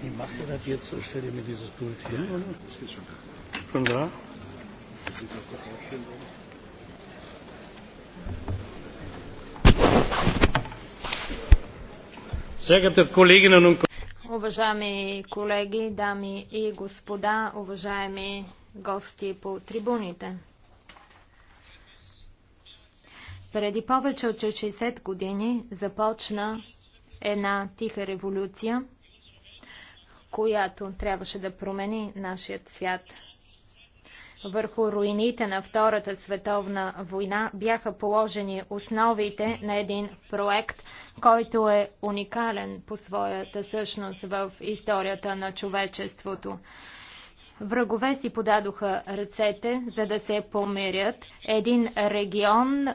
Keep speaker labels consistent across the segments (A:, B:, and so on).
A: Wie macht ihr das jetzt? Stellt ihr mir dieses Pult hin, oder? Das ist schon da. Schon da? Sehr geehrte Kolleginnen und
B: Уважаеми колеги, дами и господа, уважаеми гости по трибуните. Преди повече от 60 години започна една тиха революция, която трябваше да промени нашият свят. Върху руините на Втората световна война бяха положени основите на един проект, който е уникален по своята същност в историята на човечеството. Врагове си подадоха ръцете, за да се помирят. Един регион, е,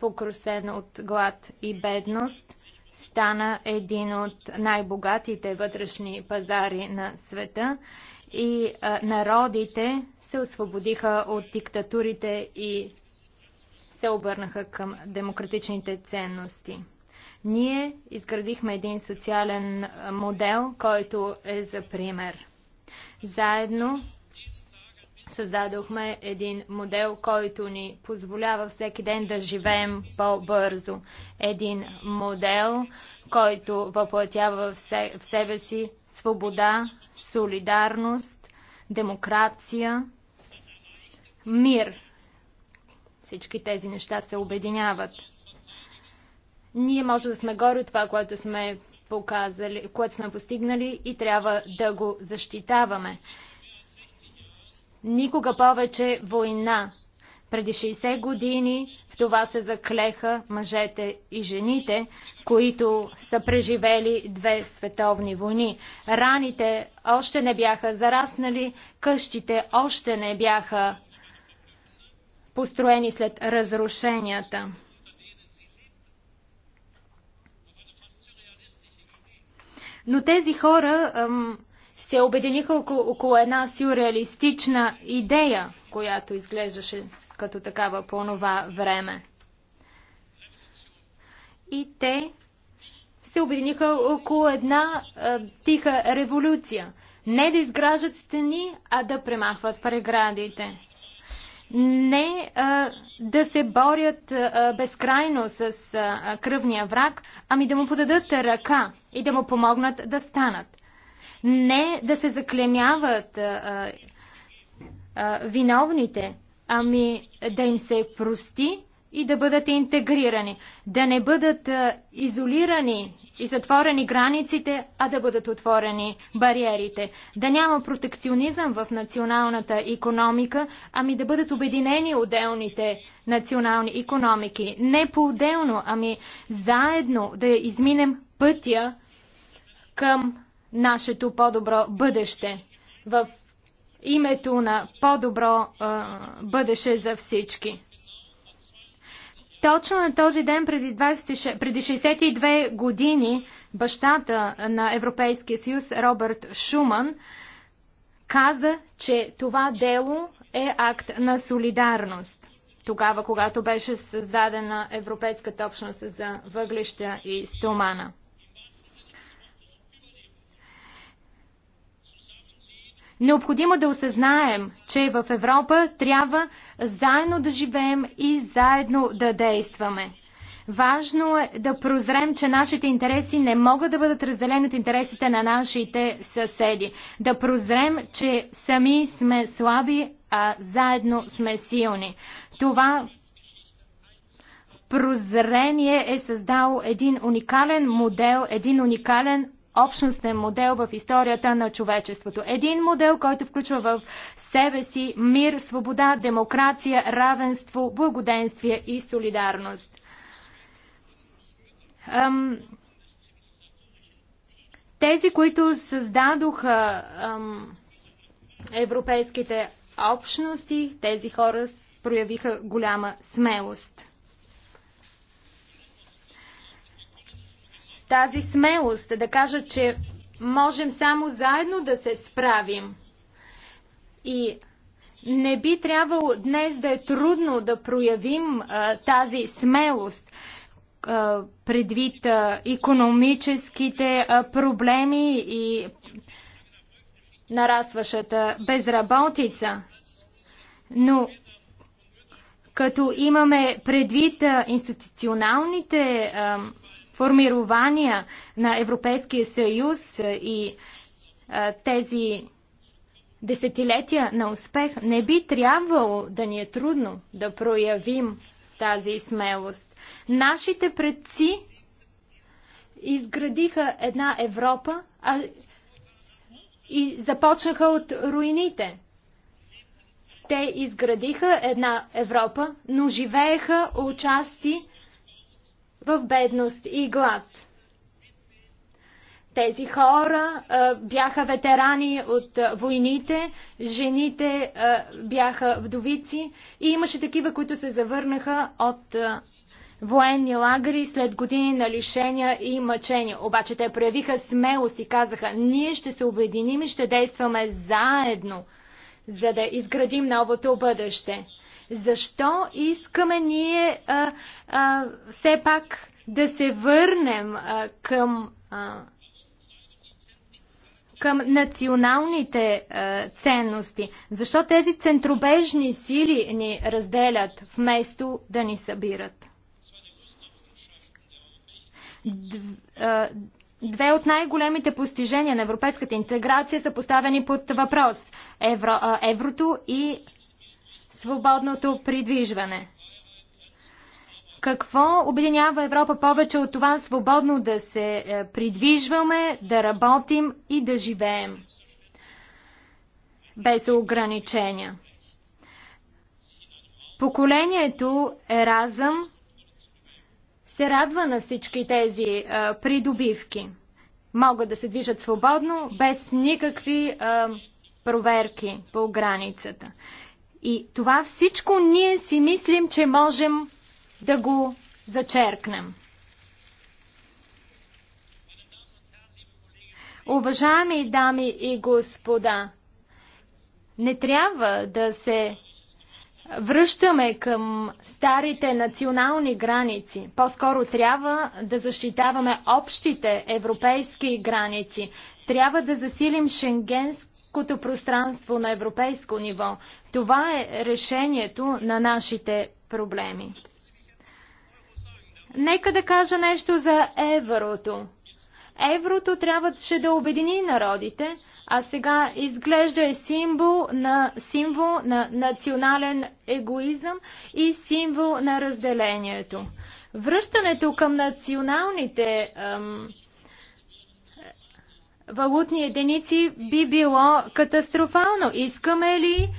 B: покрусен от глад и бедност, стана един от най-богатите вътрешни пазари на света и народите се освободиха от диктатурите и се обърнаха към демократичните ценности. Ние изградихме един социален модел, който е за пример. Заедно създадохме един модел, който ни позволява всеки ден да живеем по-бързо. Един модел, който въплатява в себе си свобода, солидарност, демокрация, мир. Всички тези неща се обединяват. Ние може да сме горе от това, което сме показали, което сме постигнали и трябва да го защитаваме. Никога повече война. Преди 60 години в това се заклеха мъжете и жените, които са преживели две световни войни. Раните още не бяха зараснали, къщите още не бяха построени след разрушенията. Но тези хора ам, се обединиха около, около една сюрреалистична идея, която изглеждаше като такава по това време. И те се обединиха около една а, тиха революция. Не да изграждат стени, а да премахват преградите. Не а, да се борят а, безкрайно с а, кръвния враг, ами да му подадат ръка и да му помогнат да станат. Не да се заклемяват а, а, виновните, ами да им се прости и да бъдат интегрирани, да не бъдат а, изолирани и затворени границите, а да бъдат отворени бариерите, да няма протекционизъм в националната економика, ами да бъдат обединени отделните национални економики, не по-отделно, ами заедно да изминем пътя към нашето по-добро бъдеще. В името на по-добро бъдеще за всички. Точно на този ден преди, 26, преди 62 години бащата на Европейския съюз Робърт Шуман каза, че това дело е акт на солидарност. Тогава, когато беше създадена Европейската общност за въглища и стомана. Необходимо да осъзнаем, че в Европа трябва заедно да живеем и заедно да действаме. Важно е да прозрем, че нашите интереси не могат да бъдат разделени от интересите на нашите съседи. Да прозрем, че сами сме слаби, а заедно сме силни. Това прозрение е създало един уникален модел, един уникален общностен модел в историята на човечеството. Един модел, който включва в себе си мир, свобода, демокрация, равенство, благоденствие и солидарност. Ам... Тези, които създадоха ам, европейските общности, тези хора проявиха голяма смелост. тази смелост да кажат, че можем само заедно да се справим. И не би трябвало днес да е трудно да проявим а, тази смелост а, предвид а, економическите а, проблеми и нарастващата безработица. Но като имаме предвид а, институционалните а, формирования на Европейския съюз и а, тези десетилетия на успех, не би трябвало да ни е трудно да проявим тази смелост. Нашите предци изградиха една Европа а, и започнаха от руините. Те изградиха една Европа, но живееха отчасти в бедност и глад. Тези хора а, бяха ветерани от а, войните, жените а, бяха вдовици и имаше такива, които се завърнаха от а, военни лагери след години на лишения и мъчения. Обаче те проявиха смелост и казаха, ние ще се обединим и ще действаме заедно, за да изградим новото бъдеще. Защо искаме ние а, а, все пак да се върнем а, към. А, към националните а, ценности. Защо тези центробежни сили ни разделят вместо да ни събират? Две от най-големите постижения на европейската интеграция са поставени под въпрос евро, еврото и свободното придвижване. Какво обединява Европа повече от това свободно да се е, придвижваме, да работим и да живеем без ограничения? Поколението Еразъм се радва на всички тези а, е, придобивки. Могат да се движат свободно, без никакви а, е, проверки по границата. И това всичко ние си мислим, че можем да го зачеркнем. Уважаеми дами и господа, не трябва да се връщаме към старите национални граници. По-скоро трябва да защитаваме общите европейски граници. Трябва да засилим шенгенски като пространство на европейско ниво. Това е решението на нашите проблеми. Нека да кажа нещо за еврото. Еврото трябваше да обедини народите, а сега изглежда е символ на, символ на национален егоизъм и символ на разделението. Връщането към националните ем, валутни единици би било катастрофално. Искаме ли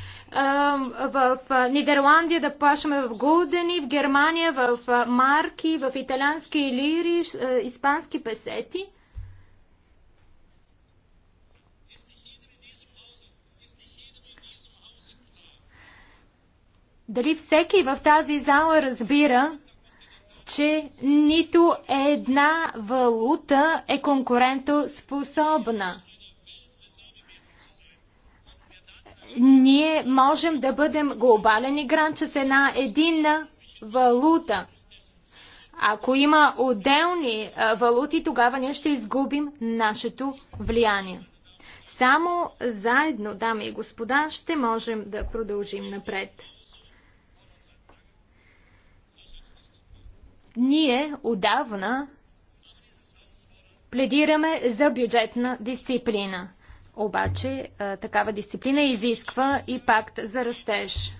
B: в Нидерландия да плащаме в гулдени, в Германия в марки, в италянски лири, испански песети? Дали всеки в тази зала разбира, че нито една валута е конкурентоспособна. Ние можем да бъдем глобален играч с една единна валута. Ако има отделни валути, тогава ние ще изгубим нашето влияние. Само заедно, дами и господа, ще можем да продължим напред. Ние отдавна пледираме за бюджетна дисциплина. Обаче такава дисциплина изисква и пакт за растеж.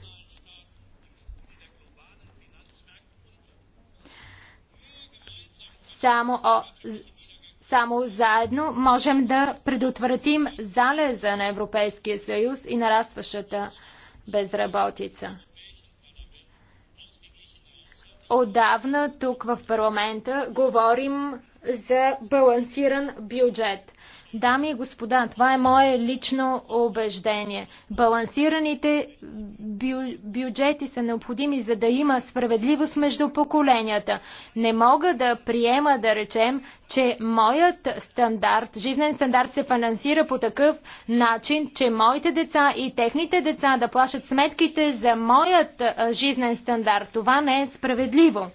B: Само, о, само заедно можем да предотвратим залеза на Европейския съюз и нарастващата безработица. Отдавна тук в парламента говорим за балансиран бюджет. Дами и господа, това е мое лично убеждение. Балансираните бю- бюджети са необходими, за да има справедливост между поколенията. Не мога да приема, да речем, че моят стандарт, жизнен стандарт се финансира по такъв начин, че моите деца и техните деца да плащат сметките за моят жизнен стандарт. Това не е справедливо.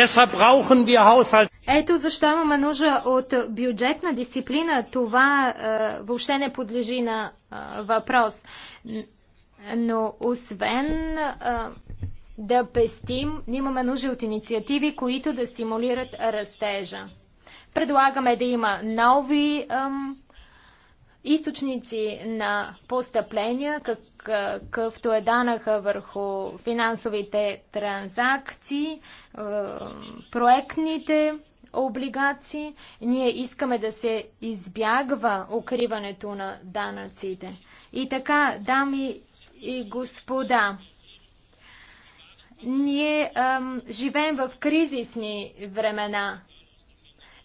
A: Deshalb brauchen wir Haushalt.
B: Ето защо имаме нужда от бюджетна дисциплина. Това е, въобще не подлежи на е, въпрос. Но освен е, да пестим, имаме нужда от инициативи, които да стимулират растежа. Предлагаме да има нови е, източници на постъпления, какъвто е, е данъха върху финансовите транзакции, е, проектните облигации. Ние искаме да се избягва укриването на данъците. И така, дами и господа, ние ам, живеем в кризисни времена.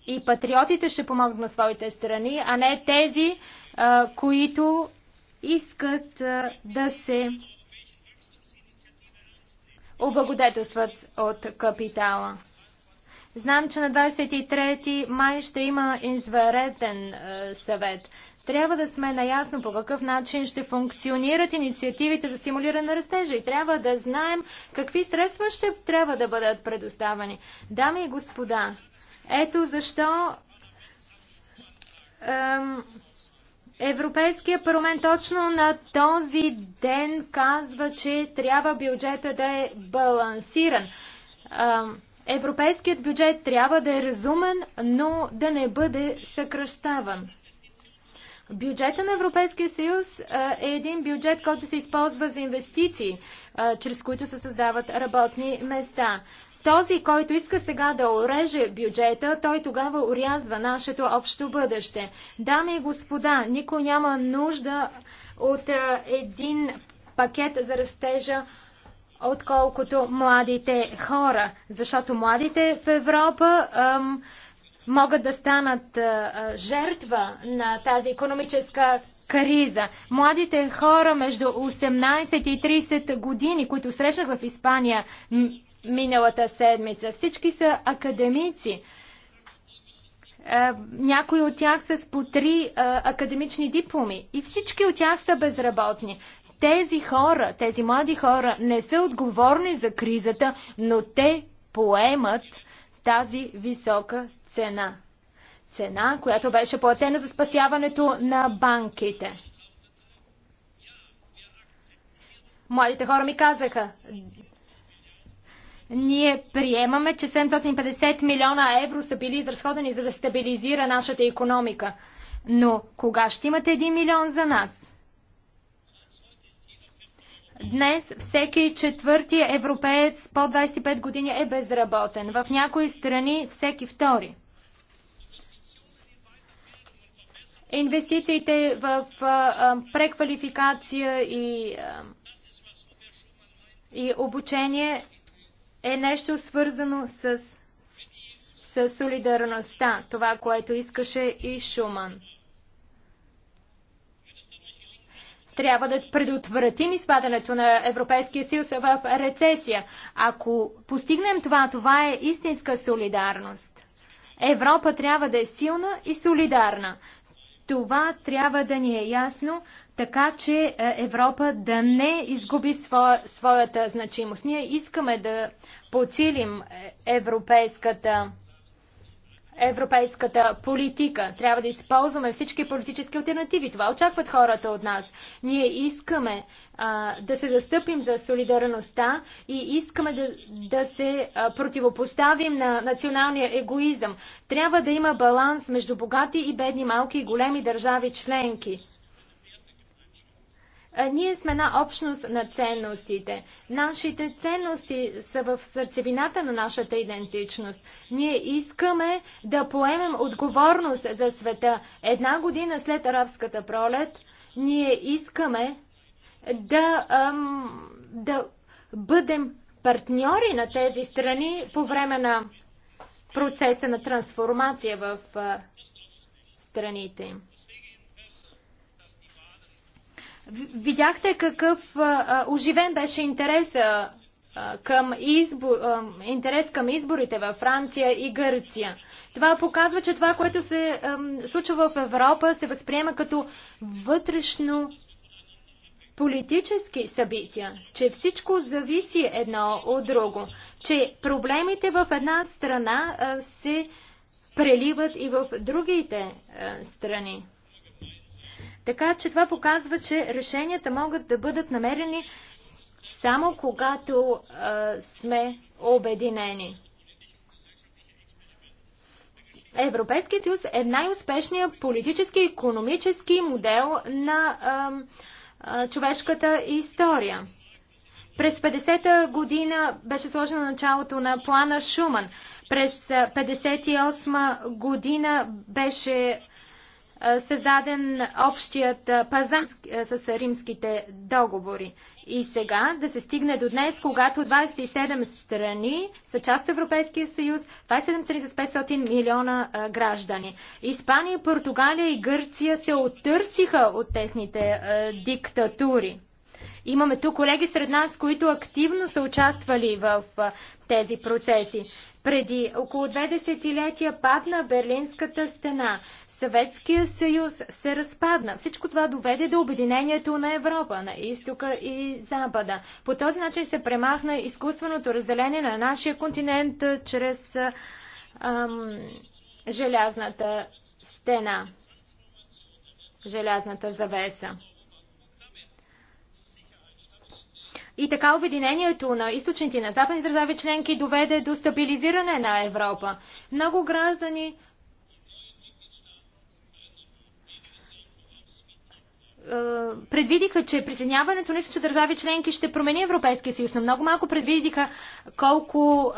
B: И патриотите ще помогнат на своите страни, а не тези, а, които искат а, да се облагодетелстват от капитала. Знам, че на 23 май ще има извареден е, съвет. Трябва да сме наясно по какъв начин ще функционират инициативите за стимулиране на растежа и трябва да знаем какви средства ще трябва да бъдат предоставени. Дами и господа, ето защо Европейския парламент точно на този ден казва, че трябва бюджета да е балансиран. Европейският бюджет трябва да е разумен, но да не бъде съкръщаван. Бюджета на Европейския съюз е един бюджет, който се използва за инвестиции, чрез които се създават работни места. Този, който иска сега да ореже бюджета, той тогава урязва нашето общо бъдеще. Дами и господа, никой няма нужда от един пакет за растежа отколкото младите хора, защото младите в Европа ам, могат да станат а, жертва на тази економическа криза. Младите хора между 18 и 30 години, които срещах в Испания миналата седмица, всички са академици. някои от тях са с по три академични дипломи и всички от тях са безработни. Тези хора, тези млади хора не са отговорни за кризата, но те поемат тази висока цена. Цена, която беше платена за спасяването на банките. Младите хора ми казаха, ние приемаме, че 750 милиона евро са били изразходени за да стабилизира нашата економика. Но кога ще имате 1 милион за нас? Днес всеки четвърти европеец по 25 години е безработен. В някои страни всеки втори. Инвестициите в а, преквалификация и, а, и обучение е нещо свързано с, с солидарността, това, което искаше и Шуман. Трябва да предотвратим изпадането на Европейския съюз в рецесия. Ако постигнем това, това е истинска солидарност. Европа трябва да е силна и солидарна. Това трябва да ни е ясно, така че е, Европа да не изгуби своя, своята значимост. Ние искаме да подсилим е, европейската европейската политика. Трябва да използваме всички политически альтернативи. Това очакват хората от нас. Ние искаме а, да се застъпим за солидарността и искаме да, да се а, противопоставим на националния егоизъм. Трябва да има баланс между богати и бедни, малки и големи държави членки. Ние сме една общност на ценностите. Нашите ценности са в сърцевината на нашата идентичност. Ние искаме да поемем отговорност за света. Една година след арабската пролет, ние искаме да, ам, да бъдем партньори на тези страни по време на процеса на трансформация в а, страните им. Видяхте какъв а, оживен беше интерес а, към избо, а, интерес към изборите във Франция и Гърция. Това показва, че това, което се а, случва в Европа, се възприема като вътрешно политически събития, че всичко зависи едно от друго, че проблемите в една страна а, се преливат и в другите а, страни. Така че това показва, че решенията могат да бъдат намерени само когато а, сме обединени. Европейския съюз е най-успешният политически и економически модел на а, а, човешката история. През 50-та година беше сложено началото на плана Шуман. През 58 година беше създаден общият пазар с римските договори. И сега да се стигне до днес, когато 27 страни са част от Европейския съюз, 27 страни с 500 милиона граждани. Испания, Португалия и Гърция се оттърсиха от техните диктатури. Имаме тук колеги сред нас, които активно са участвали в тези процеси. Преди около две десетилетия падна Берлинската стена. Съветския съюз се разпадна. Всичко това доведе до обединението на Европа, на изтока и запада. По този начин се премахна изкуственото разделение на нашия континент чрез ам, желязната стена, желязната завеса. И така обединението на източните и на западни държави членки доведе до стабилизиране на Европа. Много граждани предвидиха, че присъединяването на всички държави членки ще промени Европейския съюз, но много малко предвидиха колко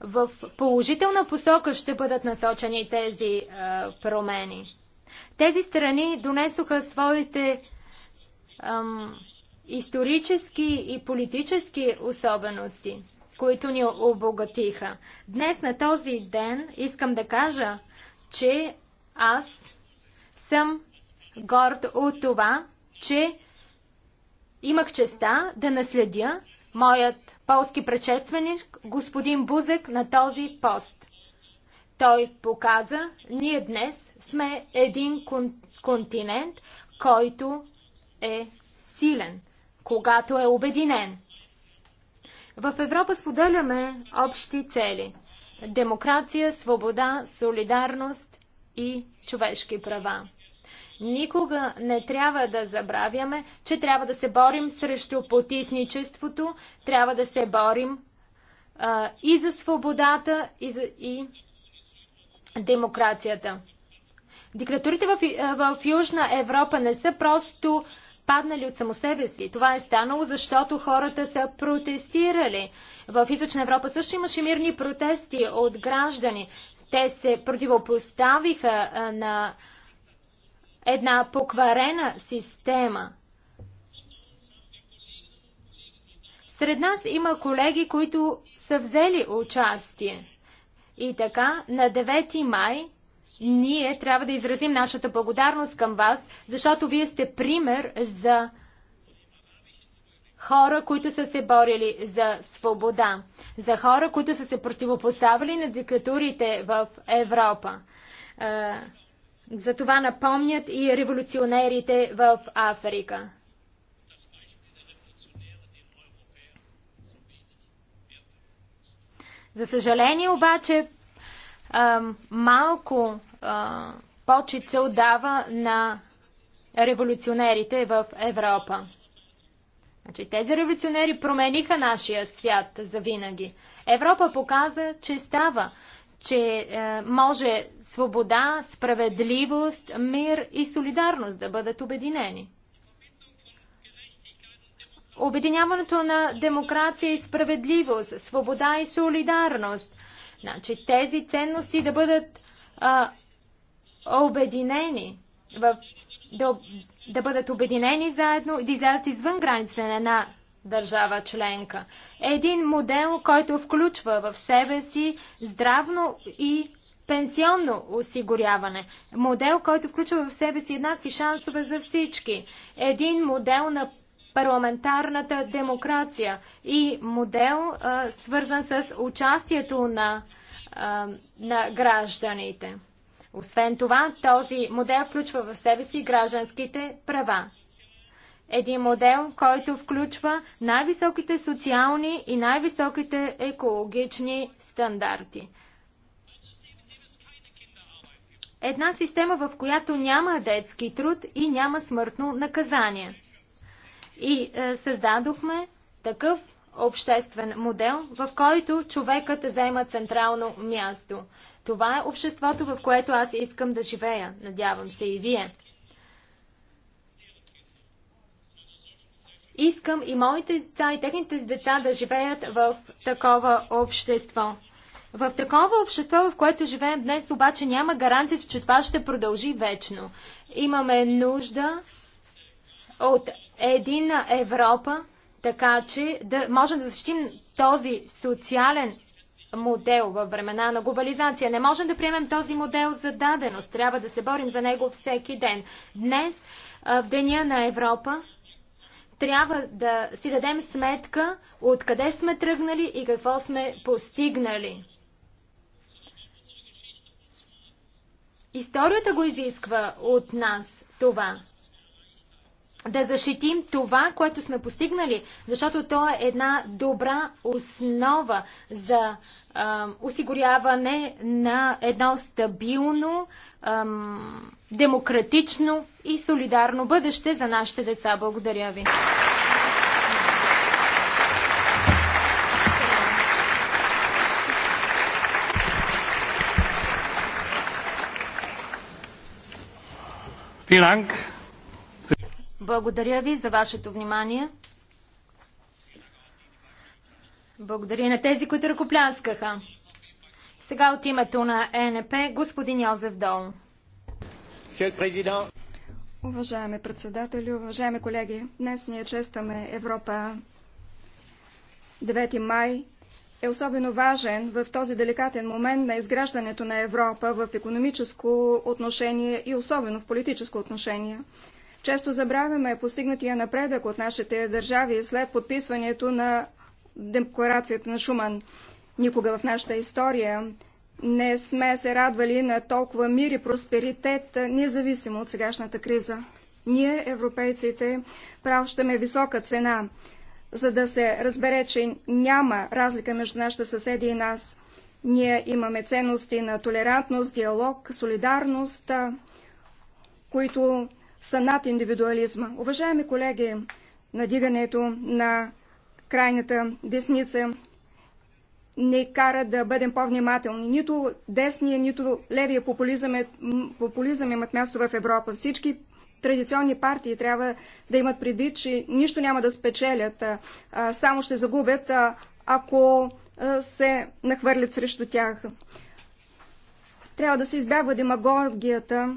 B: в положителна посока ще бъдат насочени тези промени. Тези страни донесоха своите исторически и политически особености, които ни обогатиха. Днес на този ден искам да кажа, че аз съм горд от това, че имах честа да наследя моят полски предшественик, господин Бузек, на този пост. Той показа, ние днес сме един кон- континент, който е силен, когато е обединен. В Европа споделяме общи цели – демокрация, свобода, солидарност и човешки права. Никога не трябва да забравяме, че трябва да се борим срещу потисничеството, трябва да се борим а, и за свободата, и, за, и демокрацията. Диктатурите в, в Южна Европа не са просто паднали от само себе си. Това е станало, защото хората са протестирали. В Източна Европа също имаше мирни протести от граждани. Те се противопоставиха на една покварена система. Сред нас има колеги, които са взели участие. И така, на 9 май ние трябва да изразим нашата благодарност към вас, защото вие сте пример за хора, които са се борили за свобода, за хора, които са се противопоставили на диктатурите в Европа. Е, за това напомнят и революционерите в Африка. За съжаление обаче, малко почет се отдава на революционерите в Европа. Значи, тези революционери промениха нашия свят за винаги. Европа показа, че става, че е, може свобода, справедливост, мир и солидарност да бъдат обединени. Обединяването на демокрация и справедливост, свобода и солидарност. Значи тези ценности да бъдат а, обединени, в, да, да бъдат обединени заедно и да излязат извън границите на една държава членка. Един модел, който включва в себе си здравно и пенсионно осигуряване. Модел, който включва в себе си еднакви шансове за всички. Един модел на парламентарната демокрация и модел, а, свързан с участието на, а, на гражданите. Освен това, този модел включва в себе си гражданските права. Един модел, който включва най-високите социални и най-високите екологични стандарти. Една система, в която няма детски труд и няма смъртно наказание. И е, създадохме такъв обществен модел, в който човекът заема централно място. Това е обществото, в което аз искам да живея. Надявам се и вие. Искам и моите деца и техните деца да живеят в такова общество. В такова общество, в което живеем днес, обаче няма гаранция, че това ще продължи вечно. Имаме нужда от едина Европа, така че да можем да защитим този социален модел във времена на глобализация. Не можем да приемем този модел за даденост. Трябва да се борим за него всеки ден. Днес, в Деня на Европа, трябва да си дадем сметка откъде сме тръгнали и какво сме постигнали. Историята го изисква от нас това. Да защитим това, което сме постигнали, защото то е една добра основа за осигуряване на едно стабилно, демократично и солидарно бъдеще за нашите деца. Благодаря ви. Благодаря ви за вашето внимание. Благодаря на тези, които ръкопляскаха. Сега от името на ЕНП господин Йозеф
C: Дол. Уважаеми председатели, уважаеми колеги, днес ние честваме Европа. 9 май е особено важен в този деликатен момент на изграждането на Европа в економическо отношение и особено в политическо отношение. Често забравяме постигнатия напредък от нашите държави след подписването на декларацията на Шуман. Никога в нашата история не сме се радвали на толкова мир и просперитет, независимо от сегашната криза. Ние, европейците, пращаме висока цена, за да се разбере, че няма разлика между нашите съседи и нас. Ние имаме ценности на толерантност, диалог, солидарност, които са над индивидуализма. Уважаеми колеги, надигането на крайната десница не кара да бъдем по-внимателни. Нито десния, нито левия популизъм, е, популизъм имат място в Европа. Всички традиционни партии трябва да имат предвид, че нищо няма да спечелят, а, само ще загубят, а, ако а, се нахвърлят срещу тях. Трябва да се избягва демагогията,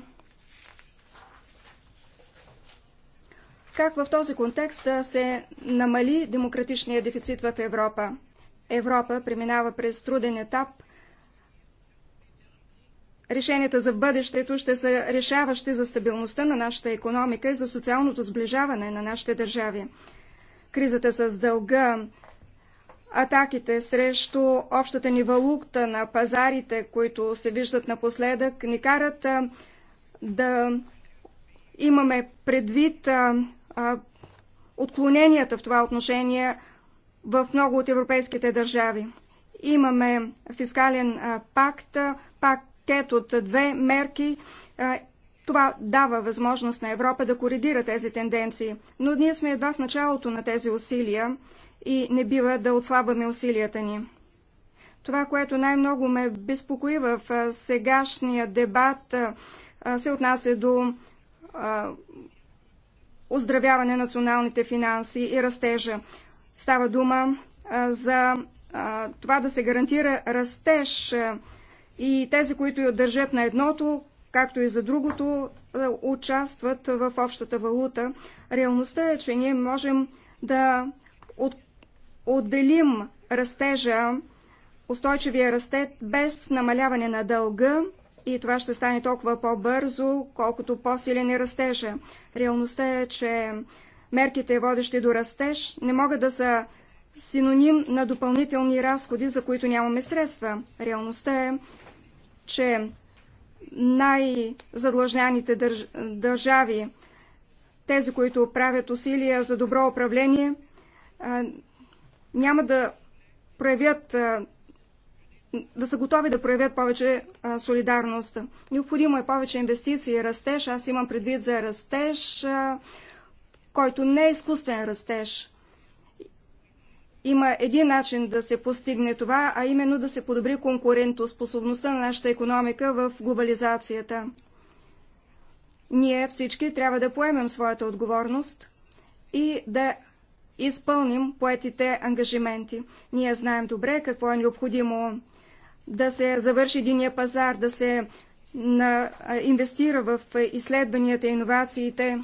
C: как в този контекст се намали демократичния дефицит в Европа. Европа преминава през труден етап. Решенията за бъдещето ще са решаващи за стабилността на нашата економика и за социалното сближаване на нашите държави. Кризата с дълга, атаките срещу общата ни валута на пазарите, които се виждат напоследък, ни карат да имаме предвид отклоненията в това отношение в много от европейските държави. Имаме фискален пакт, пакет от две мерки. Това дава възможност на Европа да коригира тези тенденции. Но ние сме едва в началото на тези усилия и не бива да отслабваме усилията ни. Това, което най-много ме безпокои в сегашния дебат, се отнася до оздравяване на националните финанси и растежа. Става дума за това да се гарантира растеж и тези, които я държат на едното, както и за другото, участват в общата валута. Реалността е, че ние можем да отделим растежа, устойчивия растет без намаляване на дълга и това ще стане толкова по-бързо, колкото по-силен е растежа. Реалността е, че мерките, водещи до растеж, не могат да са синоним на допълнителни разходи, за които нямаме средства. Реалността е, че най-задлъжняните държ... държави, тези, които правят усилия за добро управление, няма да проявят да са готови да проявят повече а, солидарност. Необходимо е повече инвестиции и растеж. Аз имам предвид за растеж, а, който не е изкуствен растеж. Има един начин да се постигне това, а именно да се подобри конкурентоспособността на нашата економика в глобализацията. Ние всички трябва да поемем своята отговорност и да изпълним поетите ангажименти. Ние знаем добре какво е необходимо да се завърши единия пазар, да се на, инвестира в изследванията и иновациите,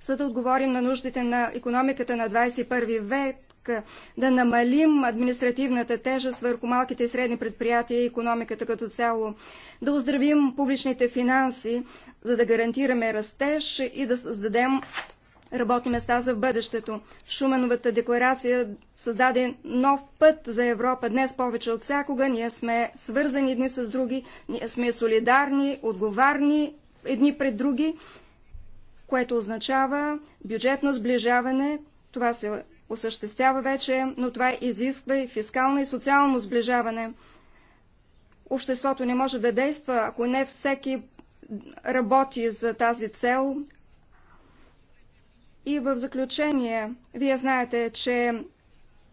C: за да отговорим на нуждите на економиката на 21 век, да намалим административната тежест върху малките и средни предприятия и економиката като цяло, да оздравим публичните финанси, за да гарантираме растеж и да създадем работни места за в бъдещето. Шуменовата декларация създаде нов път за Европа. Днес повече от всякога ние сме свързани едни с други, ние сме солидарни, отговарни едни пред други, което означава бюджетно сближаване. Това се осъществява вече, но това изисква и фискално и социално сближаване. Обществото не може да действа, ако не всеки работи за тази цел, и в заключение, вие знаете, че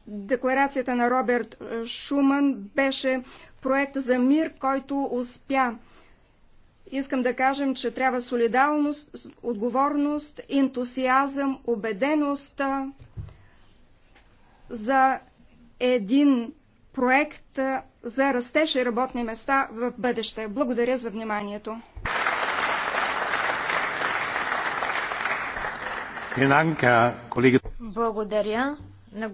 C: декларацията на Роберт Шуман беше проект за мир, който успя. Искам да кажем, че трябва солидарност, отговорност, ентусиазъм, убеденост за един проект за растеж и работни места в бъдеще. Благодаря за вниманието.
B: Благодаря на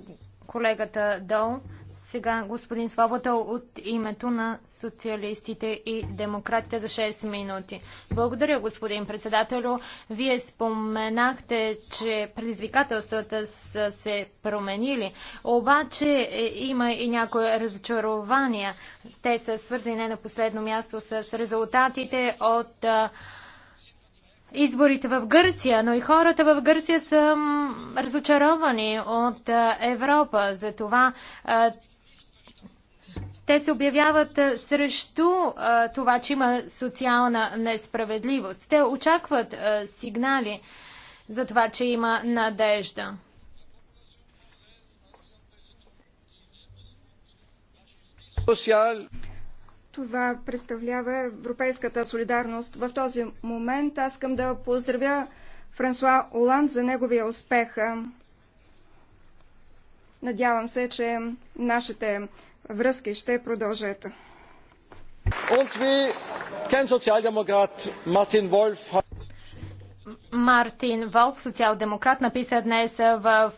B: колегата Дол. Сега господин Свобода от името на социалистите и демократите за 6 минути. Благодаря, господин председателю. Вие споменахте, че предизвикателствата са се променили, обаче е, има и някои разочарования. Те са свързани не на последно място с резултатите от изборите в Гърция, но и хората в Гърция са разочаровани от Европа. За това те се обявяват срещу това, че има социална несправедливост. Те очакват сигнали за това, че има надежда.
C: Социал. Това представлява европейската солидарност. В този момент аз искам да поздравя Франсуа Оланд за неговия успех. Надявам се, че нашите връзки ще продължат. Мартин Волф,
B: социал-демократ, написа днес в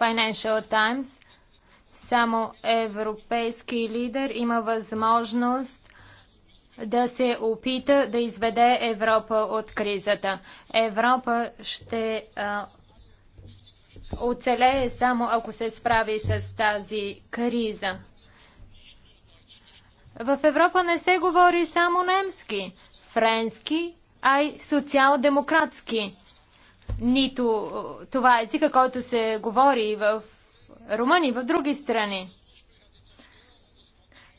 B: Financial Times, само европейски лидер има възможност да се опита да изведе Европа от кризата. Европа ще а, оцелее само ако се справи с тази криза. В Европа не се говори само немски, френски, а и социал-демократски. Нито това е езика, който се говори в румъни, в други страни.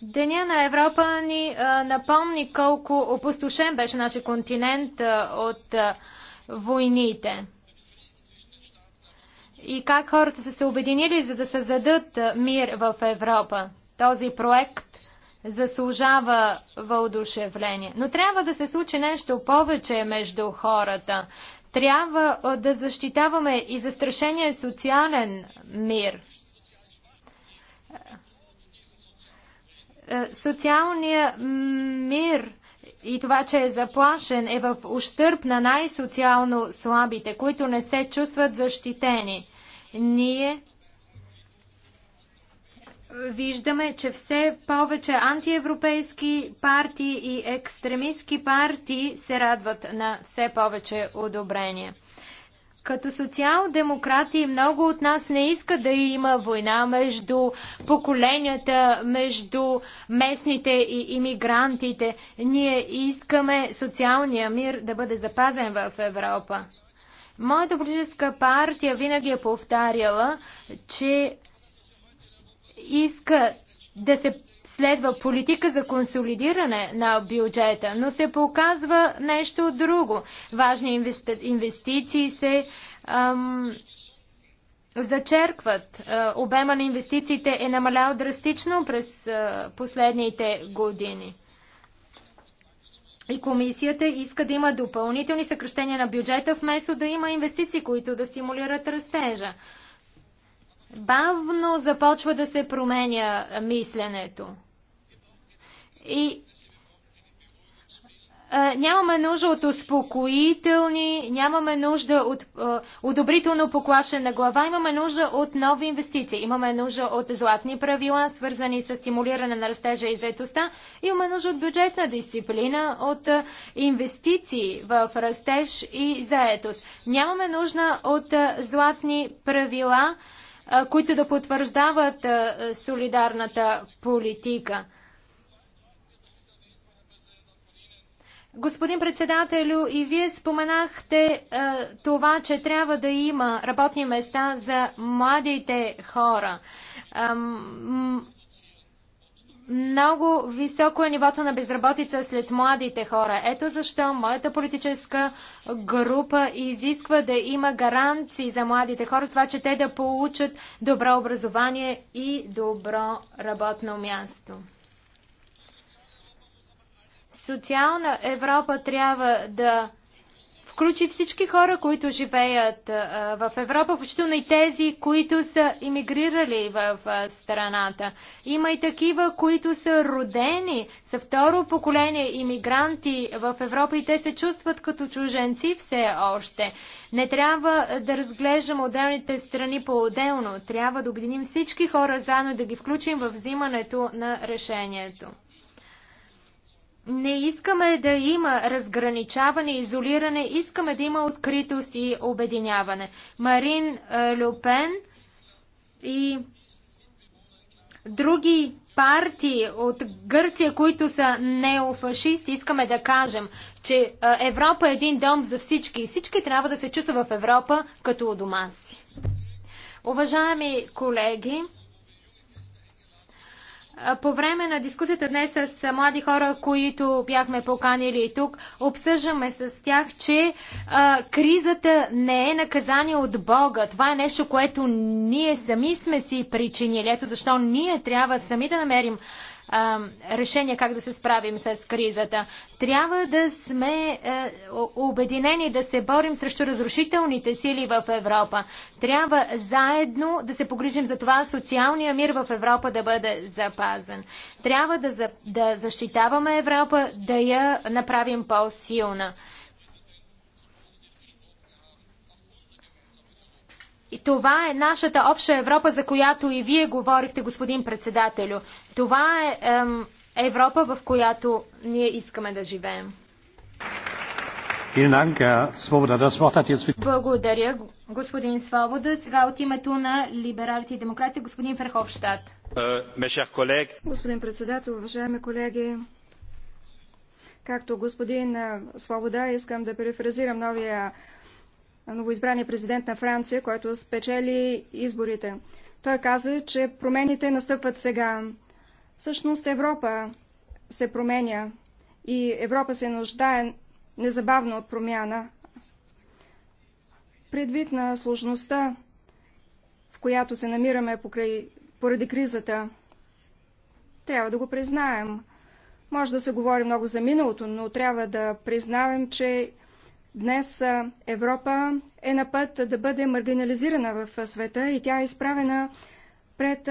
B: Деня на Европа ни а, напомни колко опустошен беше нашия континент а, от а, войните. И как хората са се обединили, за да създадат мир в Европа. Този проект заслужава въодушевление. Но трябва да се случи нещо повече между хората. Трябва да защитаваме и застрашения социален мир. Е, социалният мир и това, че е заплашен, е в ущърп на най-социално слабите, които не се чувстват защитени. Ние виждаме, че все повече антиевропейски партии и екстремистски партии се радват на все повече одобрение. Като социал-демократи много от нас не искат да има война между поколенията, между местните и иммигрантите. Ние искаме социалния мир да бъде запазен в Европа. Моята политическа партия винаги е повтаряла, че иска да се следва политика за консолидиране на бюджета, но се показва нещо друго. Важни инвести... инвестиции се ам, зачеркват. Обема на инвестициите е намалял драстично през а, последните години. И комисията иска да има допълнителни съкръщения на бюджета, вместо да има инвестиции, които да стимулират растежа бавно започва да се променя мисленето. И е, нямаме нужда от успокоителни, нямаме нужда от одобрително е, поклашена глава, имаме нужда от нови инвестиции, имаме нужда от златни правила, свързани с стимулиране на растежа и заетостта, имаме нужда от бюджетна дисциплина, от е, инвестиции в растеж и заетост. Нямаме нужда от златни правила, които да потвърждават солидарната политика. Господин председателю, и вие споменахте а, е, това, че трябва да има работни места за младите хора. Ам, много високо е нивото на безработица след младите хора. Ето защо моята политическа група изисква да има гаранции за младите хора, това, че те да получат добро образование и добро работно място. Социална Европа трябва да включи всички хора, които живеят а, в Европа, включително и тези, които са иммигрирали в а, страната. Има и такива, които са родени, са второ поколение иммигранти в Европа и те се чувстват като чуженци все още. Не трябва да разглеждаме отделните страни по-отделно. Трябва да обединим всички хора заедно и да ги включим в взимането на решението. Не искаме да има разграничаване, изолиране, искаме да има откритост и обединяване. Марин е, Люпен и други партии от Гърция, които са неофашисти, искаме да кажем, че е, Европа е един дом за всички и всички трябва да се чувства в Европа като у дома си. Уважаеми колеги, по време на дискусията днес с млади хора, които бяхме поканили тук, обсъждаме с тях, че а, кризата не е наказание от Бога. Това е нещо, което ние сами сме си причинили. Ето защо ние трябва сами да намерим решения как да се справим с кризата. Трябва да сме е, обединени да се борим срещу разрушителните сили в Европа. Трябва заедно да се погрижим за това социалния мир в Европа да бъде запазен. Трябва да, да защитаваме Европа, да я направим по-силна. това е нашата обща Европа, за която и вие говорихте, господин председателю. Това е ем, Европа, в която ние искаме да живеем. Благодаря, господин Свобода. Сега от името на либералите и демократи, господин Ферховщад.
A: Е,
C: господин председател, уважаеми колеги, както господин Свобода, е, искам да перефразирам новия новоизбрания президент на Франция, който спечели изборите. Той каза, че промените настъпват сега. Всъщност Европа се променя и Европа се нуждае незабавно от промяна. Предвид на сложността, в която се намираме покрай, поради кризата, трябва да го признаем. Може да се говори много за миналото, но трябва да признаем, че Днес Европа е на път да бъде маргинализирана в света и тя е изправена пред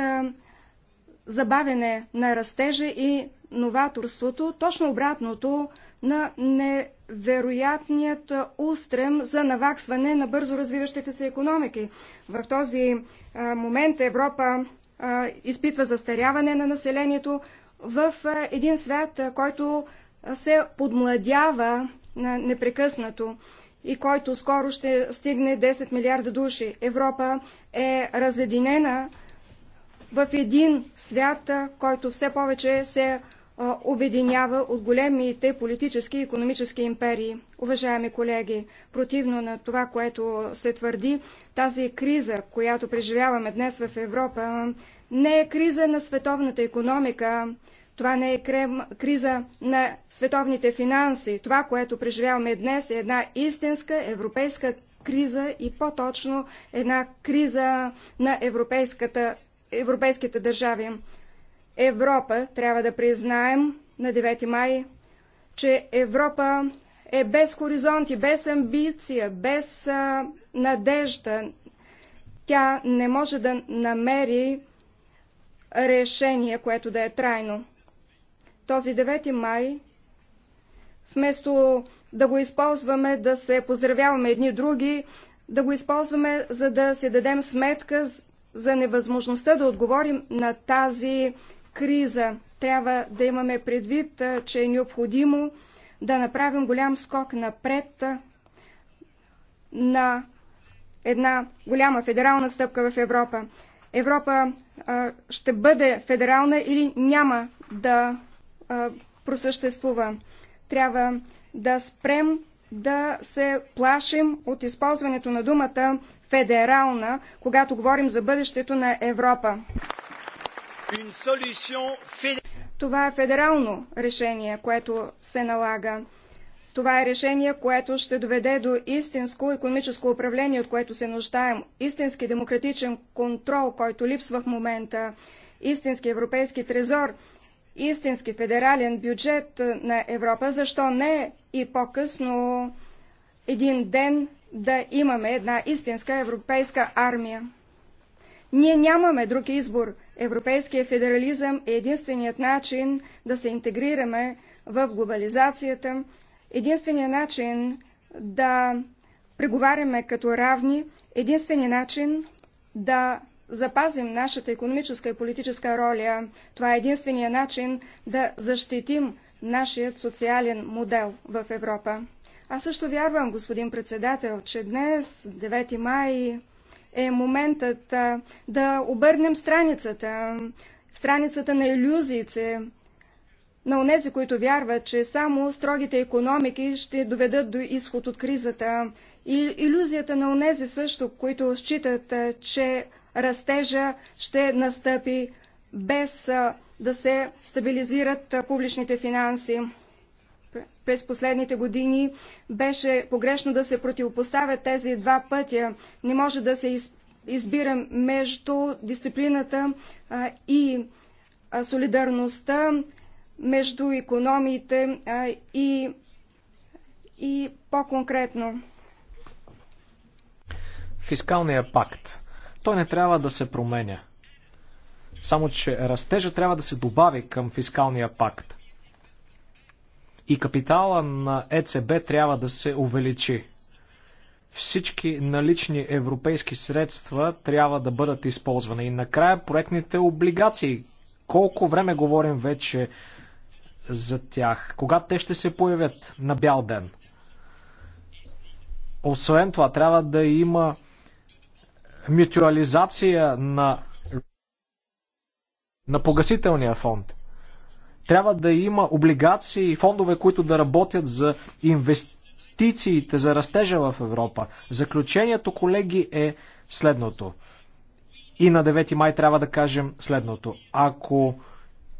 C: забавене на растежа и новаторството, точно обратното на невероятният устрем за наваксване на бързо развиващите се економики. В този момент Европа изпитва застаряване на населението в един свят, който се подмладява непрекъснато и който скоро ще стигне 10 милиарда души. Европа е разединена в един свят, който все повече се обединява от големите политически и економически империи. Уважаеми колеги, противно на това, което се твърди, тази криза, която преживяваме днес в Европа, не е криза на световната економика, това не е крем, криза на световните финанси. Това, което преживяваме днес е една истинска европейска криза и по-точно една криза на европейската, европейските държави. Европа, трябва да признаем на 9 май, че Европа е без хоризонти, без амбиция, без а, надежда. Тя не може да намери решение, което да е трайно този 9 май, вместо да го използваме да се поздравяваме едни други, да го използваме, за да си дадем сметка за невъзможността да отговорим на тази криза. Трябва да имаме предвид, че е необходимо да направим голям скок напред на една голяма федерална стъпка в Европа. Европа а, ще бъде федерална или няма да а, просъществува. Трябва да спрем да се плашим от използването на думата федерална, когато говорим за бъдещето на Европа. Това е федерално решение, което се налага. Това е решение, което ще доведе до истинско економическо управление, от което се нуждаем, истински демократичен контрол, който липсва в момента, истински европейски трезор, истински федерален бюджет е, на Европа, защо не и по-късно един ден да имаме една истинска европейска армия. Ние нямаме друг избор. Европейският федерализъм е единственият начин да се интегрираме в глобализацията, единственият начин да преговаряме като равни, единственият начин да запазим нашата економическа и политическа роля. Това е единствения начин да защитим нашият социален модел в Европа. Аз също вярвам, господин председател, че днес, 9 май, е моментът да обърнем страницата, страницата на иллюзиите, на онези, които вярват, че само строгите економики ще доведат до изход от кризата, и иллюзията на онези също, които считат, че растежа ще настъпи без да се стабилизират публичните финанси. През последните години беше погрешно да се противопоставят тези два пътя. Не може да се избира между дисциплината и солидарността, между економиите и, и по-конкретно.
A: Фискалният пакт той не трябва да се променя. Само, че растежа трябва да се добави към фискалния пакт. И капитала на ЕЦБ трябва да се увеличи. Всички налични европейски средства трябва да бъдат използвани. И накрая проектните облигации. Колко време говорим вече за тях? Кога те ще се появят на бял ден? Освен това, трябва да има мютуализация на, на погасителния фонд. Трябва да има облигации и фондове, които да работят за инвестициите, за растежа в Европа. Заключението, колеги, е следното. И на 9 май трябва да кажем следното. Ако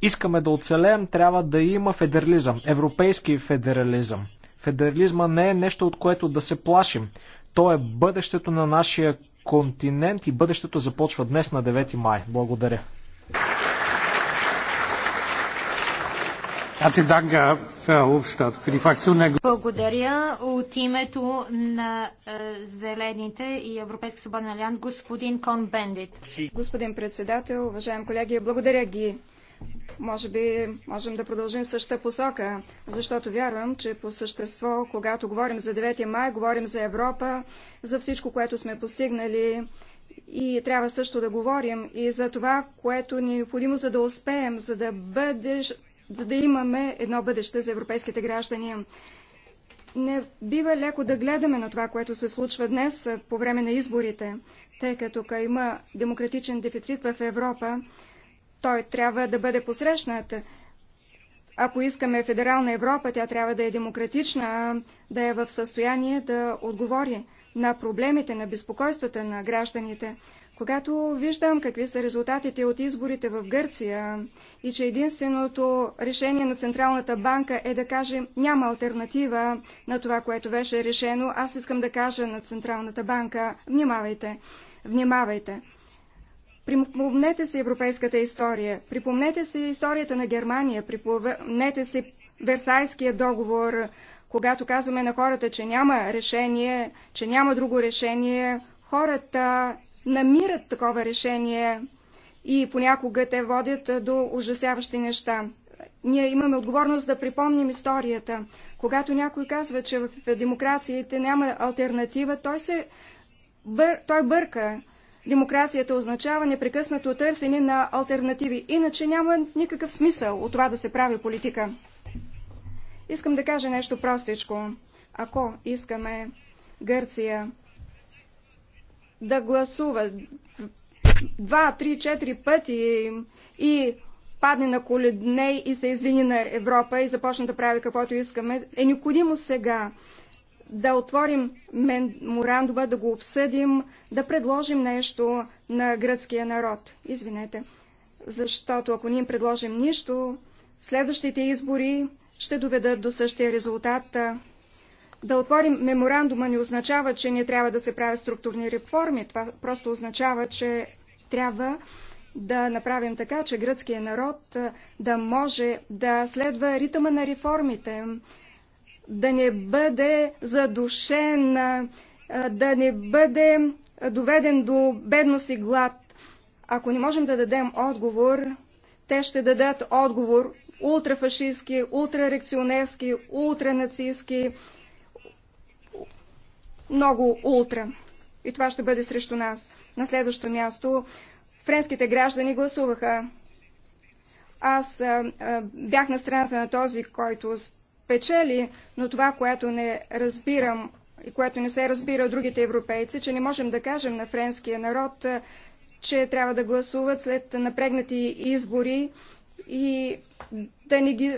A: искаме да оцелеем, трябва да има федерализъм, европейски федерализъм. Федерализма не е нещо, от което да се плашим. То е бъдещето на нашия континент и бъдещето започва днес на 9 май. Благодаря.
B: Благодаря от името на е, Зелените и Европейски
C: свободен алианс господин Кон Бендит. Господин председател, уважаем колеги, благодаря ги може би можем да продължим същата посока, защото вярвам, че по същество, когато говорим за 9 май, говорим за Европа, за всичко, което сме постигнали и трябва също да говорим и за това, което ни е необходимо, за да успеем, за да, бъдеш, за да имаме едно бъдеще за европейските граждани. Не бива леко да гледаме на това, което се случва днес по време на изборите, тъй като има демократичен дефицит в Европа той трябва да бъде посрещнат. Ако искаме федерална Европа, тя трябва да е демократична, да е в състояние да отговори на проблемите, на безпокойствата на гражданите. Когато виждам какви са резултатите от изборите в Гърция и че единственото решение на Централната банка е да каже няма альтернатива на това, което беше решено, аз искам да кажа на Централната банка внимавайте, внимавайте. Припомнете се европейската история, припомнете се историята на Германия, припомнете се Версайския договор, когато казваме на хората, че няма решение, че няма друго решение, хората намират такова решение и понякога те водят до ужасяващи неща. Ние имаме отговорност да припомним историята. Когато някой казва, че в демокрациите няма альтернатива, той се бър... той бърка. Демокрацията означава непрекъснато търсене на альтернативи, иначе няма никакъв смисъл от това да се прави политика. Искам да кажа нещо простичко. Ако искаме Гърция да гласува два, три, четири пъти и падне на коледней и се извини на Европа и започне да прави каквото искаме, е необходимо сега да отворим меморандума, да го обсъдим, да предложим нещо на гръцкия народ. Извинете. Защото ако ние им предложим нищо, следващите избори ще доведат до същия резултат. Да отворим меморандума не означава, че не трябва да се правят структурни реформи. Това просто означава, че трябва да направим така, че гръцкият народ да може да следва ритъма на реформите, да не бъде задушен, да не бъде доведен до бедност и глад. Ако не можем да дадем отговор, те ще дадат отговор ултрафашистски, ултрарекционерски, ултранацистски, много ултра. И това ще бъде срещу нас. На следващо място френските граждани гласуваха. Аз а, а, бях на страната на този, който печели, но това, което не разбирам и което не се разбира от другите европейци, че не можем да кажем на френския народ, че трябва да гласуват след напрегнати избори и да не ги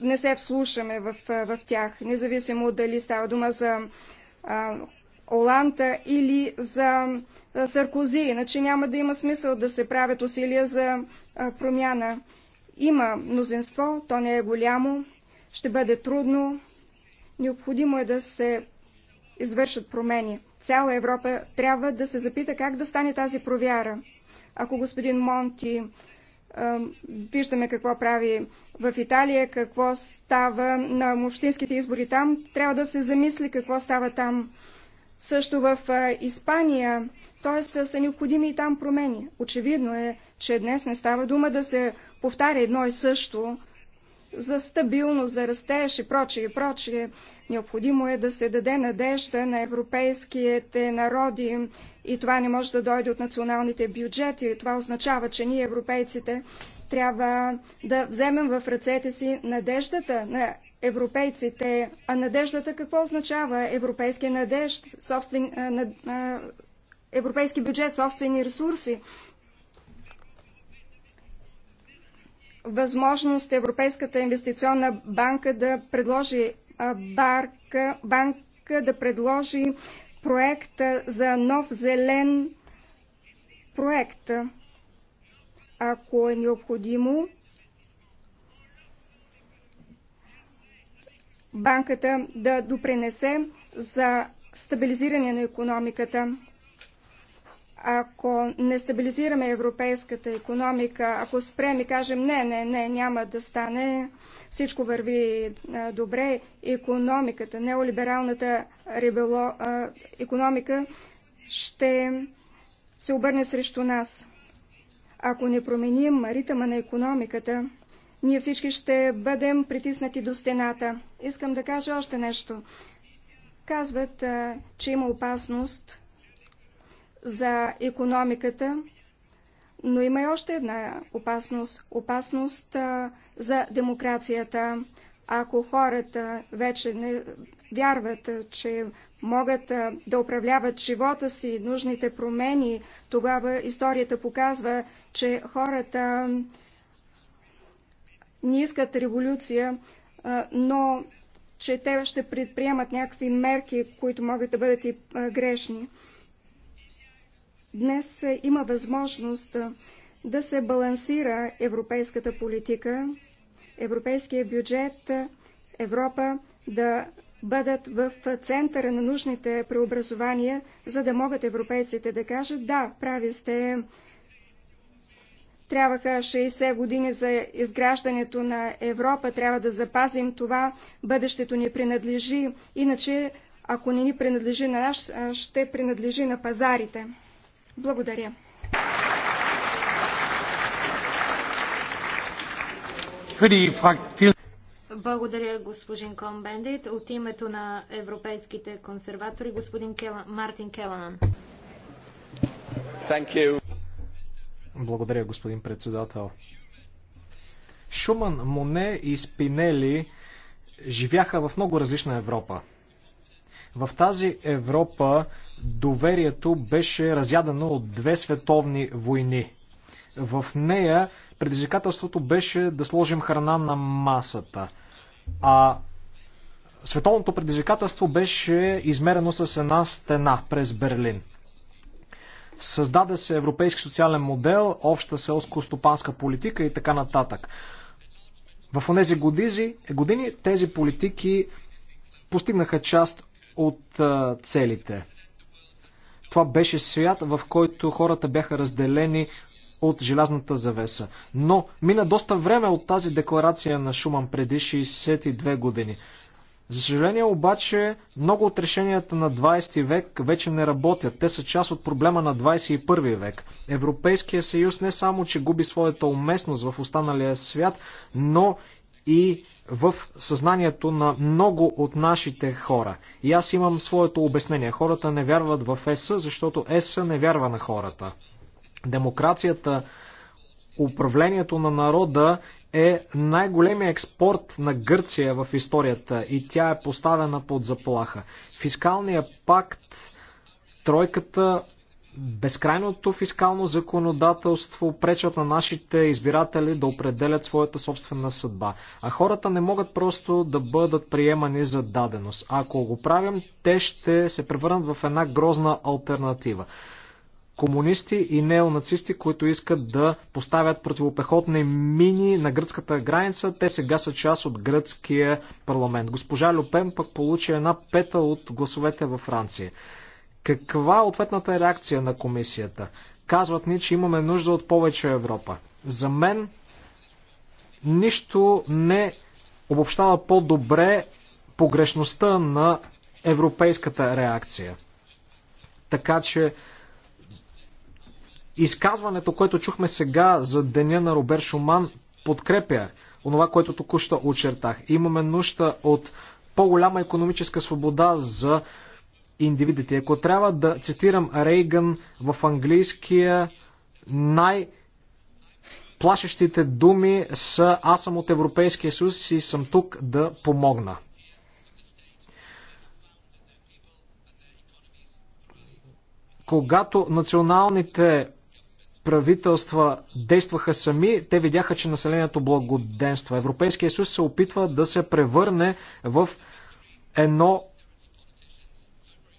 C: не се вслушаме в, в тях, независимо дали става дума за а, Оланта или за а, Саркози, иначе няма да има смисъл да се правят усилия за а, промяна. Има мнозинство, то не е голямо, ще бъде трудно. Необходимо е да се извършат промени. Цяла Европа трябва да се запита как да стане тази провяра. Ако господин Монти виждаме какво прави в Италия, какво става на общинските избори там, трябва да се замисли какво става там. Също в Испания, т.е. са необходими и там промени. Очевидно е, че днес не става дума да се повтаря едно и също, за стабилност, за растеж и прочие, и прочие. Необходимо е да се даде надежда на европейските народи и това не може да дойде от националните бюджети. Това означава, че ние, европейците, трябва да вземем в ръцете си надеждата на европейците. А надеждата какво означава? Европейски надежд, собствен, европейски бюджет, собствени ресурси. възможност Европейската инвестиционна банка да предложи барка, банка да предложи проект за нов зелен проект. Ако е необходимо, банката да допринесе за стабилизиране на економиката ако не стабилизираме европейската економика, ако спрем и кажем не, не, не, няма да стане, всичко върви добре, економиката, неолибералната ребело, економика ще се обърне срещу нас. Ако не променим ритъма на економиката, ние всички ще бъдем притиснати до стената. Искам да кажа още нещо. Казват, че има опасност за економиката, но има и още една опасност. Опасност а, за демокрацията. Ако хората вече не вярват, че могат а, да управляват живота си, нужните промени, тогава историята показва, че хората не искат революция, а, но че те ще предприемат някакви мерки, които могат да бъдат и грешни. Днес има възможност да се балансира европейската политика, европейския бюджет, Европа да бъдат в центъра на нужните преобразования, за да могат европейците да кажат да, прави сте. Трябваха 60 години за изграждането на Европа, трябва да запазим това, бъдещето ни принадлежи, иначе ако не ни принадлежи на нас, ще принадлежи на пазарите. Благодаря. Благодаря, господин
B: Комбендит. От името на европейските консерватори, господин Кел... Мартин Келанан.
A: Благодаря, господин председател. Шуман, Моне и Спинели живяха в много различна Европа. В тази Европа доверието беше разядано от две световни войни. В нея предизвикателството беше да сложим храна на масата. А световното предизвикателство беше измерено с една стена през Берлин. Създаде се европейски социален модел, обща селско-стопанска политика и така нататък. В тези години, години тези политики постигнаха част от целите. Това беше свят, в който хората бяха разделени от желязната завеса. Но мина доста време от тази декларация на Шуман преди 62 години. За съжаление обаче, много от решенията на 20 век вече не работят. Те са част от проблема на 21 век. Европейския съюз не само, че губи своята уместност в останалия свят, но и в съзнанието на много от нашите хора. И аз имам своето обяснение. Хората не вярват в ЕС, защото ЕС не вярва на хората. Демокрацията, управлението на народа е най-големия експорт на Гърция в историята и тя е поставена под заплаха. Фискалният пакт, тройката безкрайното фискално законодателство пречат на нашите избиратели да определят своята собствена съдба. А хората не могат просто да бъдат приемани за даденост. Ако го правим, те ще се превърнат в една грозна альтернатива. Комунисти и неонацисти, които искат да поставят противопехотни мини на гръцката граница, те сега са част от гръцкия парламент. Госпожа Люпен пък получи една пета от гласовете във Франция. Каква е ответната реакция на комисията? Казват ни, че имаме нужда от повече Европа. За мен нищо не обобщава по-добре погрешността на европейската реакция. Така че изказването, което чухме сега за деня на Робер Шуман, подкрепя онова, което току-що очертах. Имаме нужда от по-голяма економическа свобода за индивидите. Ако трябва да цитирам Рейган в английския, най- плашещите думи са аз съм от Европейския съюз и съм тук да помогна. Когато националните правителства действаха сами, те видяха, че населението благоденства. Европейския съюз се опитва да се превърне в едно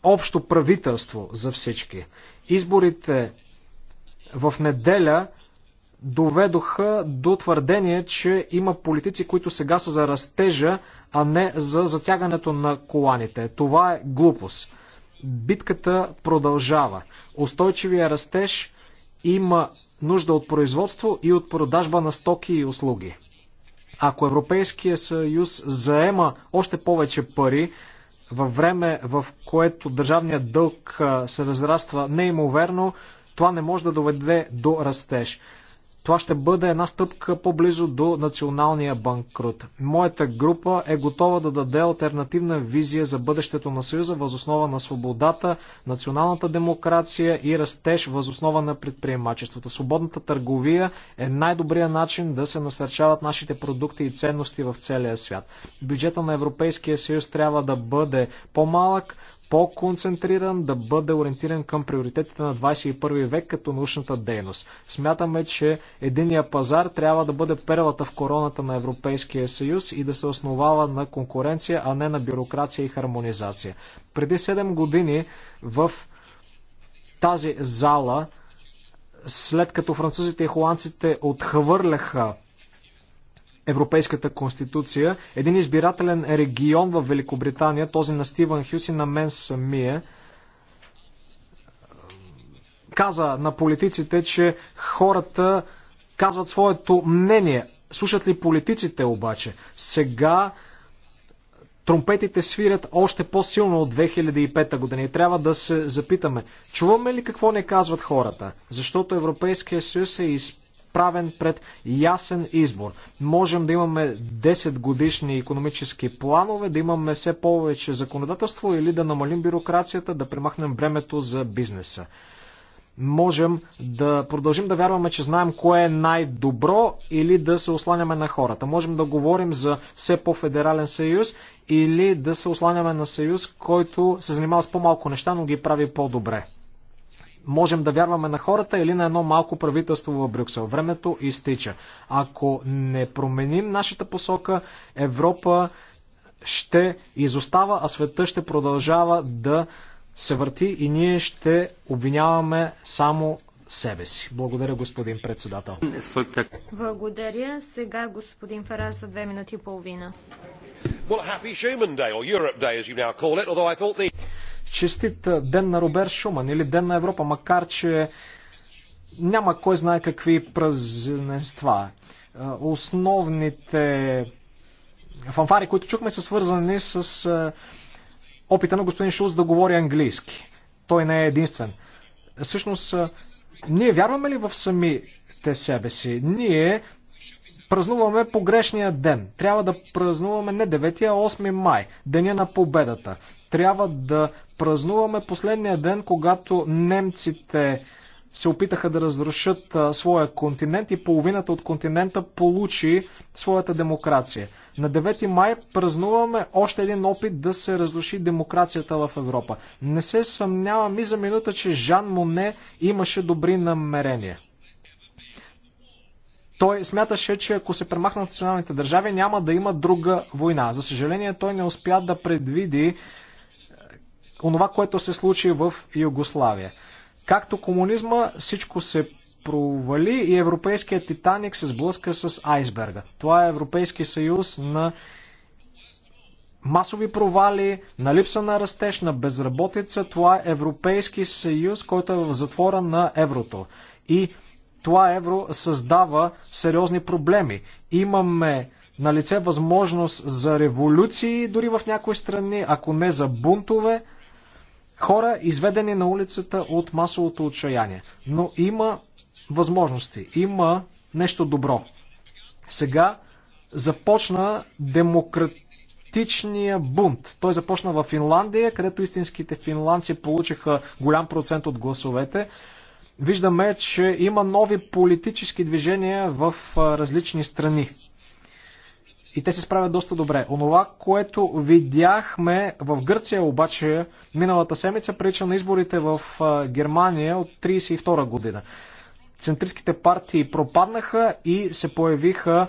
A: общо правителство за всички. Изборите в неделя доведоха до твърдение, че има политици, които сега са за растежа, а не за затягането на коланите. Това е глупост. Битката продължава. Устойчивия растеж има нужда от производство и от продажба на стоки и услуги. Ако Европейския съюз заема още повече пари, във време, в което държавният дълг се разраства неимоверно, това не може да доведе до растеж. Това ще бъде една стъпка по-близо до националния банкрут. Моята група е готова да даде альтернативна визия за бъдещето на Съюза възоснова на свободата, националната демокрация и растеж възоснова на предприемачеството. Свободната търговия е най-добрият начин да се насърчават нашите продукти и ценности в целия свят. Бюджета на Европейския съюз трябва да бъде по-малък, по-концентриран, да бъде ориентиран към приоритетите на 21 век като научната дейност. Смятаме, че единия пазар трябва да бъде перлата в короната на Европейския съюз и да се основава на конкуренция, а не на бюрокрация и хармонизация. Преди 7 години в тази зала, след като французите и холандците отхвърляха Европейската конституция. Един избирателен регион в Великобритания, този на Стивън Хюс и на мен самия, каза на политиците, че хората казват своето мнение. Слушат ли политиците обаче? Сега Тромпетите свирят още по-силно от 2005 година и трябва да се запитаме, чуваме ли какво не казват хората? Защото Европейския съюз е изпълнен изправен пред ясен избор. Можем да имаме 10 годишни економически планове, да имаме все повече законодателство или да намалим бюрокрацията, да примахнем времето за бизнеса. Можем да продължим да вярваме, че знаем кое е най-добро или да се осланяме на хората. Можем да говорим за все по-федерален съюз или да се осланяме на съюз, който се занимава с по-малко неща, но ги прави по-добре можем да вярваме на хората или на едно малко правителство в Брюксел. Времето изтича. Ако не променим нашата посока, Европа ще изостава, а света ще продължава да се върти и ние ще обвиняваме само себе си. Благодаря, господин председател.
C: Е,
B: Благодаря. Сега господин Фараж за две минути и половина.
A: Честит ден на Робер Шуман или ден на Европа, макар че няма кой знае какви празненства. Основните фанфари, които чухме, са свързани с опита на господин Шулц да говори английски. Той не е единствен. Всъщност, ние вярваме ли в самите себе си? Ние празнуваме погрешния ден. Трябва да празнуваме не 9, а 8 май, деня на победата. Трябва да празнуваме последния ден, когато немците се опитаха да разрушат а, своя континент и половината от континента получи своята демокрация. На 9 май празнуваме още един опит да се разруши демокрацията в Европа. Не се съмнявам и за минута, че Жан Моне имаше добри намерения. Той смяташе, че ако се премахнат националните държави, няма да има друга война. За съжаление, той не успя да предвиди е, онова, което се случи в Югославия. Както комунизма, всичко се провали и европейският Титаник се сблъска с айсберга. Това е Европейски съюз на масови провали, на липса на растеж, на безработица. Това е Европейски съюз, който е в затвора на еврото. И това евро създава сериозни проблеми. Имаме на лице възможност за революции дори в някои страни, ако не за бунтове, хора изведени на улицата от масовото отчаяние. Но има възможности, има нещо добро. Сега започна демократичния бунт. Той започна в Финландия, където истинските финландци получиха голям процент от гласовете виждаме, че има нови политически движения в различни страни. И те се справят доста добре. Онова, което видяхме в Гърция обаче миналата седмица, прилича на изборите в Германия от 1932 година. Центристските партии пропаднаха и се появиха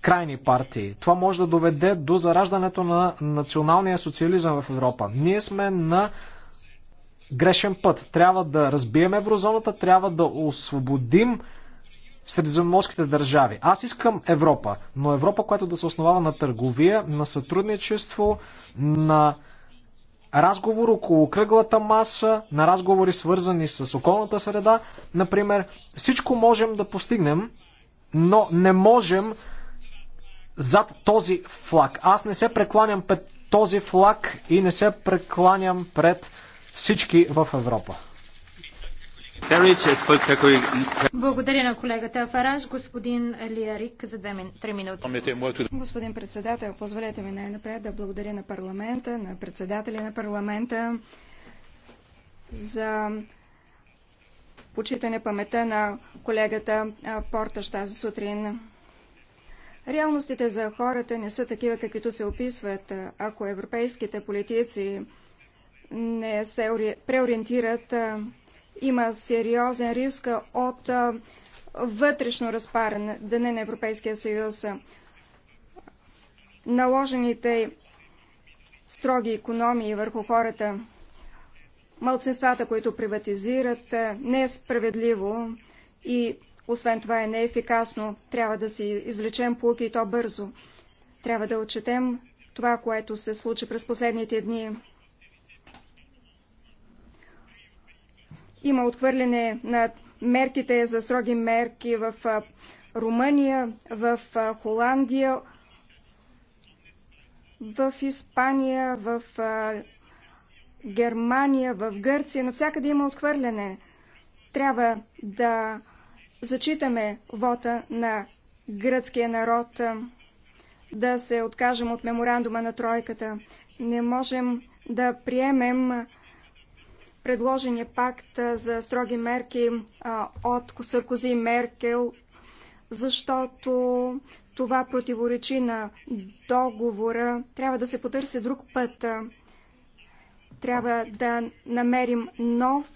A: крайни партии. Това може да доведе до зараждането на националния социализъм в Европа. Ние сме на грешен път. Трябва да разбием еврозоната, трябва да освободим средиземноморските държави. Аз искам Европа, но Европа, която да се основава на търговия, на сътрудничество, на разговор около кръглата маса, на разговори свързани с околната среда. Например, всичко можем да постигнем, но не можем зад този флаг. Аз не се прекланям пред този флаг и не се прекланям пред всички в Европа.
B: Благодаря на колегата Фараж. Господин
C: Лиарик за 3 минути. Господин председател, позволете ми най-напред да благодаря на парламента, на председателя на парламента за почитане памета на колегата Порташ тази сутрин. Реалностите за хората не са такива, каквито се описват. Ако европейските политици не се преориентират, има сериозен риск от вътрешно разпаряне дене на Европейския съюз. Наложените строги економии върху хората, мълцинствата, които приватизират, не е справедливо и освен това е неефикасно. Трябва да си извлечем полки и то бързо. Трябва да отчетем това, което се случи през последните дни. Има отхвърляне на мерките за строги мерки в Румъния, в Холандия, в Испания, в Германия, в Гърция. Навсякъде има отхвърляне. Трябва да зачитаме вота на гръцкия народ, да се откажем от меморандума на тройката. Не можем да приемем предложения пакт за строги мерки от Саркози и Меркел, защото това противоречи на договора. Трябва да се потърси друг път. Трябва да намерим нов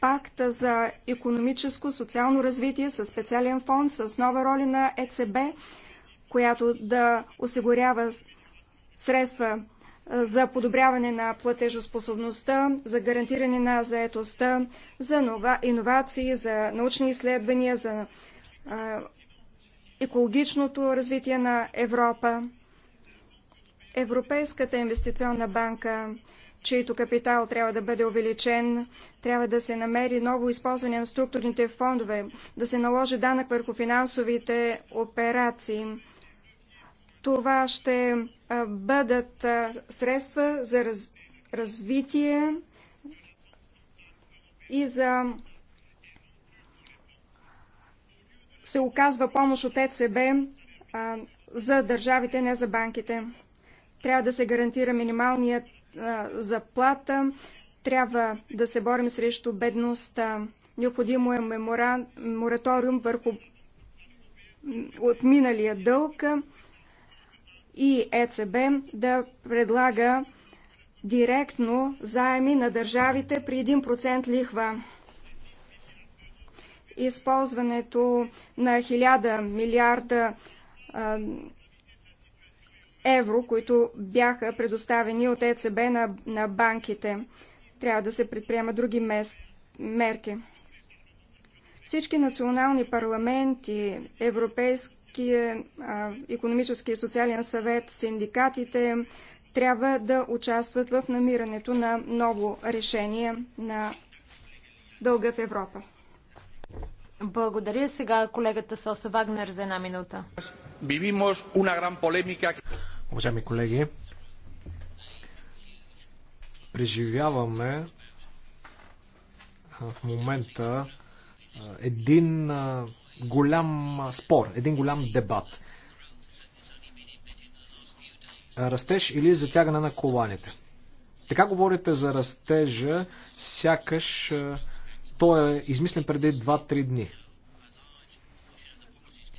C: пакт за економическо, социално развитие с специален фонд, с нова роля на ЕЦБ, която да осигурява средства за подобряване на платежоспособността, за гарантиране на заетостта, за нова, иновации, за научни изследвания, за е, екологичното развитие на Европа. Европейската инвестиционна банка, чието капитал трябва да бъде увеличен, трябва да се намери ново използване на структурните фондове, да се наложи данък върху финансовите операции това ще бъдат средства за раз, развитие и за се оказва помощ от ЕЦБ а, за държавите, не за банките. Трябва да се гарантира минималният заплата, трябва да се борим срещу бедността. Необходимо е мемора... мораториум върху отминалия дълг и ЕЦБ да предлага директно заеми на държавите при 1% лихва. Използването на 1000 милиарда а, евро, които бяха предоставени от ЕЦБ на, на банките. Трябва да се предприемат други мерки. Всички национални парламенти, Европейски Европейския економически и социален съвет, синдикатите трябва да участват в намирането на ново решение на дълга в Европа. Благодаря. Сега колегата Соса Вагнер за една
B: минута.
A: Вивимош una gran polémica. Уважаеми колеги, преживяваме в момента един голям спор, един голям дебат. Растеж или затягане на коланите. Така говорите за растежа, сякаш той е измислен преди 2-3 дни.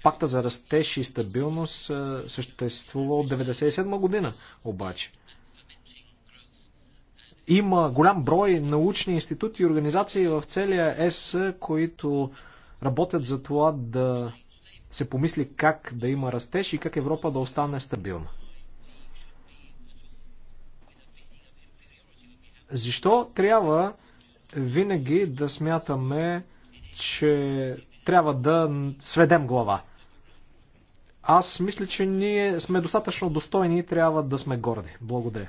A: Пакта за растеж и стабилност съществува от 1997 година, обаче. Има голям брой научни институти и организации в целия ЕС, които работят за това да се помисли как да има растеж и как Европа да остане стабилна. Защо трябва винаги да смятаме, че трябва да сведем глава? Аз мисля, че ние сме достатъчно достойни и трябва да сме горди. Благодаря.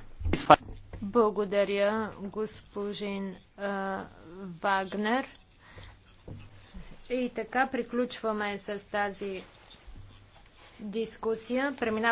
B: Благодаря, господин а, Вагнер. И така приключваме с тази дискусия. Преминаваме